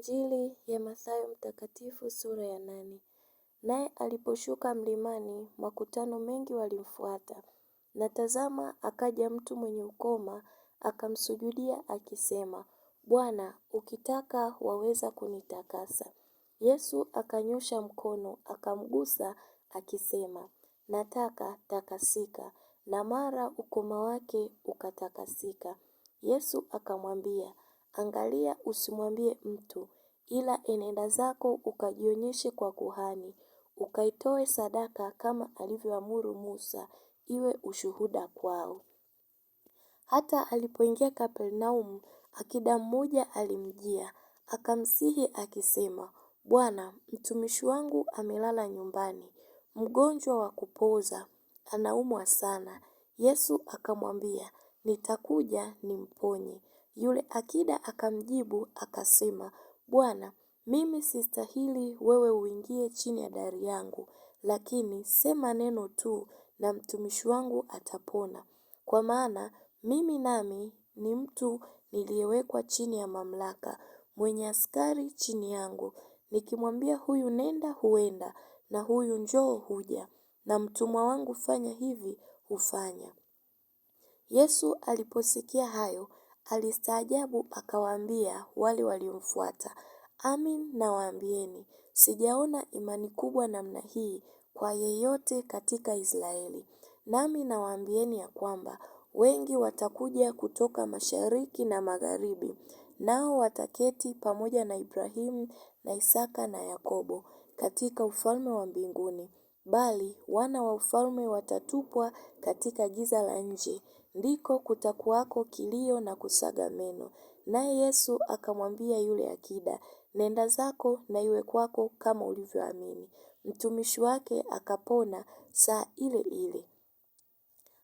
Injili ya Mathayo mtakatifu sura ya nane. Naye aliposhuka mlimani, makutano mengi walimfuata. Na tazama, akaja mtu mwenye ukoma, akamsujudia akisema, Bwana, ukitaka waweza kunitakasa. Yesu akanyosha mkono, akamgusa akisema, Nataka, takasika. Na mara ukoma wake ukatakasika. Yesu akamwambia, Angalia usimwambie mtu, ila enenda zako ukajionyeshe kwa kuhani, ukaitoe sadaka kama alivyoamuru Musa, iwe ushuhuda kwao. Hata alipoingia Kapernaumu, akida mmoja alimjia, akamsihi akisema, Bwana, mtumishi wangu amelala nyumbani, mgonjwa wa kupooza, anaumwa sana. Yesu akamwambia, nitakuja nimponye. Yule akida akamjibu akasema, Bwana, mimi sistahili wewe uingie chini ya dari yangu, lakini sema neno tu na mtumishi wangu atapona. Kwa maana mimi nami ni mtu niliyewekwa chini ya mamlaka, mwenye askari chini yangu, nikimwambia huyu nenda huenda, na huyu njoo huja, na mtumwa wangu fanya hivi hufanya. Yesu aliposikia hayo, Alistaajabu akawaambia wale waliomfuata, Amin nawaambieni, sijaona imani kubwa namna hii kwa yeyote katika Israeli. Nami nawaambieni ya kwamba wengi watakuja kutoka mashariki na magharibi, nao wataketi pamoja na Ibrahimu na Isaka na Yakobo katika ufalme wa mbinguni, bali wana wa ufalme watatupwa katika giza la nje ndiko kutakuwako kilio na kusaga meno. Naye Yesu akamwambia yule akida, nenda zako na iwe kwako kama ulivyoamini. Mtumishi wake akapona saa ile ile.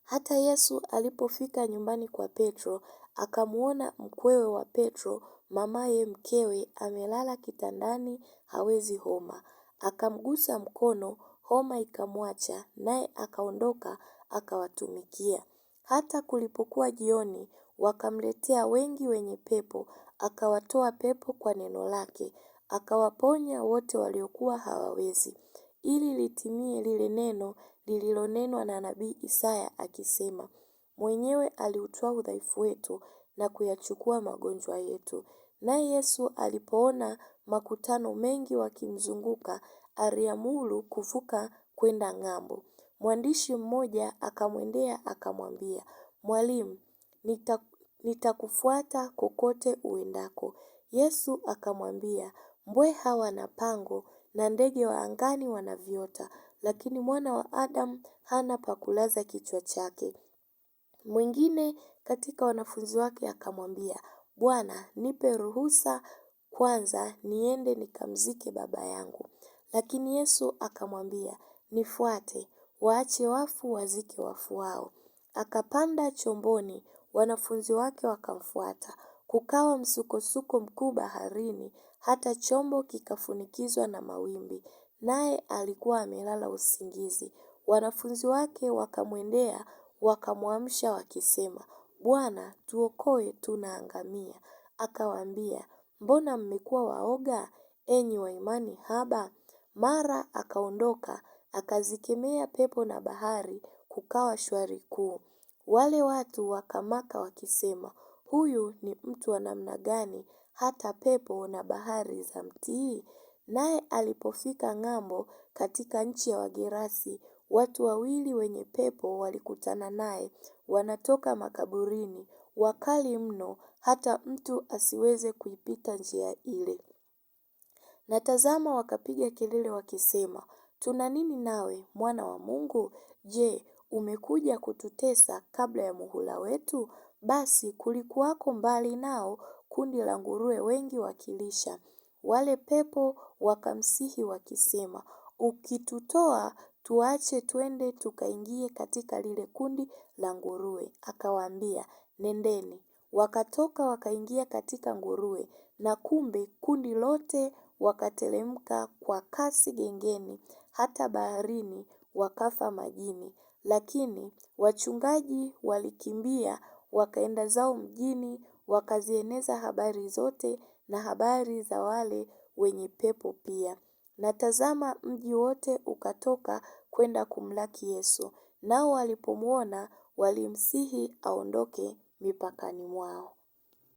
Hata Yesu alipofika nyumbani kwa Petro, akamwona mkwewe wa Petro, mamaye mkewe, amelala kitandani hawezi homa. Akamgusa mkono, homa ikamwacha, naye akaondoka akawatumikia. Hata kulipokuwa jioni, wakamletea wengi wenye pepo, akawatoa pepo kwa neno lake, akawaponya wote waliokuwa hawawezi, ili litimie lile neno lililonenwa na nabii Isaya akisema, mwenyewe aliutwaa udhaifu wetu na kuyachukua magonjwa yetu. Naye Yesu alipoona makutano mengi wakimzunguka, aliamuru kuvuka kwenda ng'ambo. Mwandishi mmoja akamwendea akamwambia, Mwalimu, nitakufuata kokote uendako. Yesu akamwambia, mbweha wana pango na ndege wa angani wana viota, lakini mwana wa Adamu hana pa kulaza kichwa chake. Mwingine katika wanafunzi wake akamwambia, Bwana, nipe ruhusa kwanza niende nikamzike baba yangu. Lakini Yesu akamwambia, Nifuate, waache wafu wazike wafu wao. Akapanda chomboni, wanafunzi wake wakamfuata. Kukawa msukosuko mkuu baharini, hata chombo kikafunikizwa na mawimbi, naye alikuwa amelala usingizi. Wanafunzi wake wakamwendea, wakamwamsha wakisema, Bwana, tuokoe, tunaangamia. Akawaambia, mbona mmekuwa waoga, enyi wa imani haba? Mara akaondoka akazikemea pepo na bahari, kukawa shwari kuu. Wale watu wakamaka wakisema, huyu ni mtu wa namna gani hata pepo na bahari za mtii Naye alipofika ng'ambo, katika nchi ya Wagerasi, watu wawili wenye pepo walikutana naye, wanatoka makaburini, wakali mno, hata mtu asiweze kuipita njia ile. Na tazama, wakapiga kelele wakisema, Tuna nini nawe mwana wa Mungu? Je, umekuja kututesa kabla ya muhula wetu? Basi kulikuwako mbali nao kundi la nguruwe wengi wakilisha. Wale pepo wakamsihi wakisema, ukitutoa tuache twende tukaingie katika lile kundi la nguruwe. Akawaambia, nendeni. Wakatoka wakaingia katika nguruwe na kumbe kundi lote wakateremka kwa kasi gengeni, hata baharini, wakafa majini. Lakini wachungaji walikimbia, wakaenda zao mjini, wakazieneza habari zote na habari za wale wenye pepo pia. Na tazama, mji wote ukatoka kwenda kumlaki Yesu, nao walipomwona walimsihi aondoke mipakani mwao.